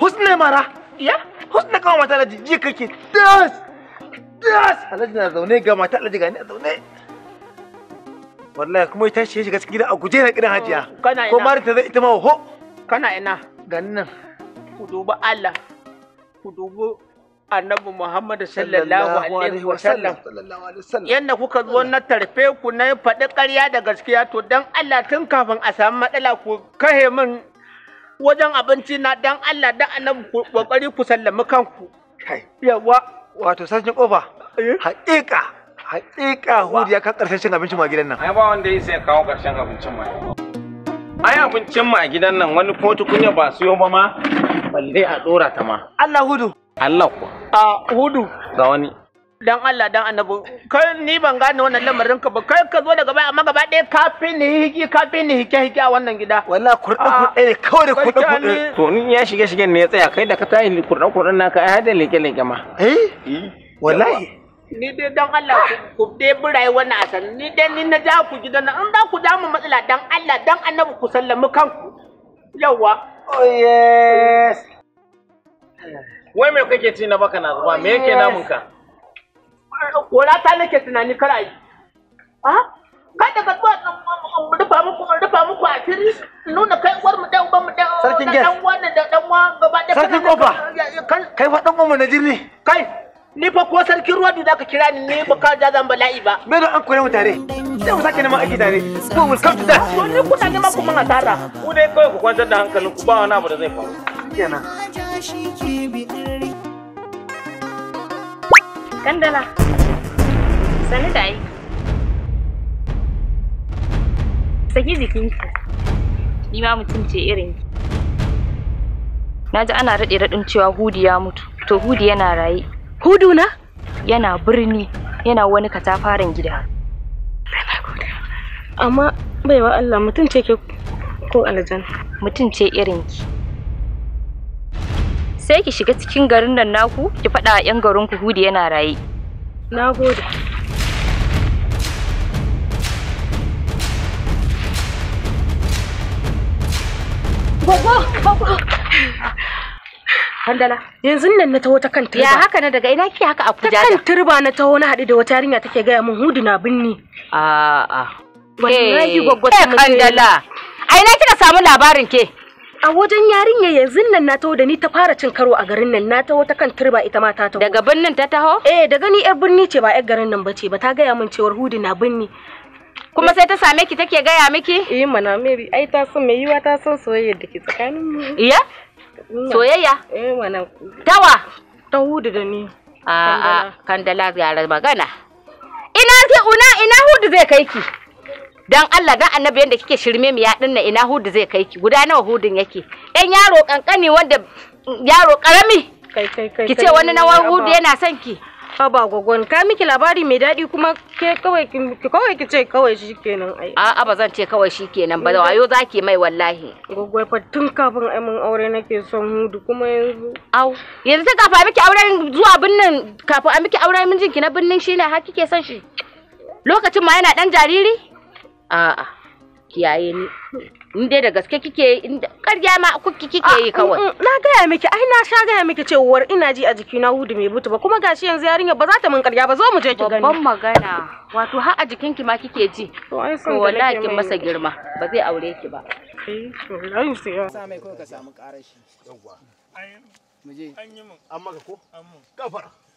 husna mara ya husna kawo mata alhaji ji kake das das alhaji na zaune ga mata alhaji ni a zaune wallahi kuma ita ce ya shiga cikin gida a guje na gidan hajiya oh, kana ina ko mari ta zai ita ma ho kana ina gani nan ku dubi Allah ku dubi annabi Muhammad sallallahu alaihi wa sallam yanda kuka zo na tarfe ku na faɗi ƙarya da gaskiya to dan Allah tun kafin a samu matsala ku kahe min wajen abinci na dan Allah dan annabi kokari ku sallami kanku yawa wato sashin kofa eh? haƙiƙa haƙiƙa hudiya ka karshen cin abincin ma gidan nan ai ba wanda yake kawo karshen abincin ma ai abincin ma gidan nan wani ko tukunya ba su ba ma balle a dora ta ma Allah hudu Allah ku a hudu ga wani dan Allah dan annabi kai ni ban gane wannan lamarin ka ba kai ka zo daga baya amma gaba ɗaya ka fi ni hiki ka fi ni hike hike a wannan gida wallahi kurɗa kurɗa ne kawai da kurɗa kurɗa to ni ya shige shige ne ya tsaya kai da ka tayi kurɗa kurɗa naka ai hada leke leke ma eh wallahi ni dai dan Allah ku dai burai wannan asan ni dai ni na ja ku gidan nan in ba ku da mu matsala dan Allah dan annabi ku sallami kanku yawa oh yes wai me kake ci na baka na zuba me yake namun oh, ka kora nake tunani kar a kada ka rufa muku rufa muku a fili nuna kai uwar mu dan uban mu dan sarkin gas dan uwan da dan gaba da sarkin kofa kai fa dan uwan na jirni kai ni fa ko sarkin ruwa da zaka kira ni ne ba ka ja zan bala'i ba me don an kore mu tare sai mu sake neman aiki tare ko mu come to to ni kuna neman kuma asara ku dai kawai ku kwantar da hankalinku ba wani abu da zai faru kenan Kandala, sani da aiki. Saki jikinki, ni ma mutum ce irin ki. Na ji ana raɗe raɗin cewa Hudu ya mutu, to Hudu yana raye. Hudu na? Yana birni, yana wani katafaren gida. Amma baiwa Allah mutum ce ke ko aljan. Mutum ce irin ki. sai ki shiga cikin garin nan naku ki faɗa yan garin ku hudi yana raye na gode Handala, yanzu nan na taho ta kan turba. Ya haka na daga ina kike haka Abuja? Ta kan turba na taho na haɗu da wata yarinya take gaya min hudu na binni. A'a. Wallahi gwaggwata mu. Handala, a ina kina samu labarin ke? a wajen yarinya yanzu nan na taho da ni ta fara cin karo a garin nan na taho ta kan turba ita ma ta taho daga birnin ta taho eh daga ni yar birni ce ba yar garin nan bace ba ta gaya min cewar hudu na birni kuma sai ta same ki take gaya miki eh mana maybe ai ta san mai yiwa ta san soyayya da ke tsakanin mu iya mm. soyayya eh mana tawa ta hudu da ni a ah, a ah, kandala yara magana ina ki una ina hudu zai kai ki dan Allah ga annabi yanda kike shirme mu ya dinna ina hudu zai kai ki guda nawa hudun yake dan yaro kankani wanda yaro karami kai kai kai ki ce wani nawa hudu yana son ki ba gogon ka miki labari mai daɗi kuma ke kawai ki kawai ki ce kawai shikenan ai a a ba zan ce kawai shikenan ba wayo zaki mai wallahi gogoi fa tun kafin ai mun aure nake son hudu kuma yanzu au yanzu ta kafa miki auren zuwa binnin kafin a miki auren mijinki na binnin shine har kike son shi lokacin ma yana dan jariri A'a. Kiyaye ni. In dai da gaske kike yi, karya ma kuki kike yi kawai. Mm, mm, na gaya miki, ai na sha gaya miki cewar ina ji a jikina hudu mai butu ba kuma gashi yanzu yarinya ba za ta min karya ba zo mu je ki gani. Babban magana. Wato har a jikinki ma kike ji. To ai sun wallahi kin masa girma, ba zai aure ki ba. Eh, to ai sai ya. Sa mai ko ka samu ƙarar Yawwa. Ai mu je. An yi mun. amma ka ko? Amma. Kafara.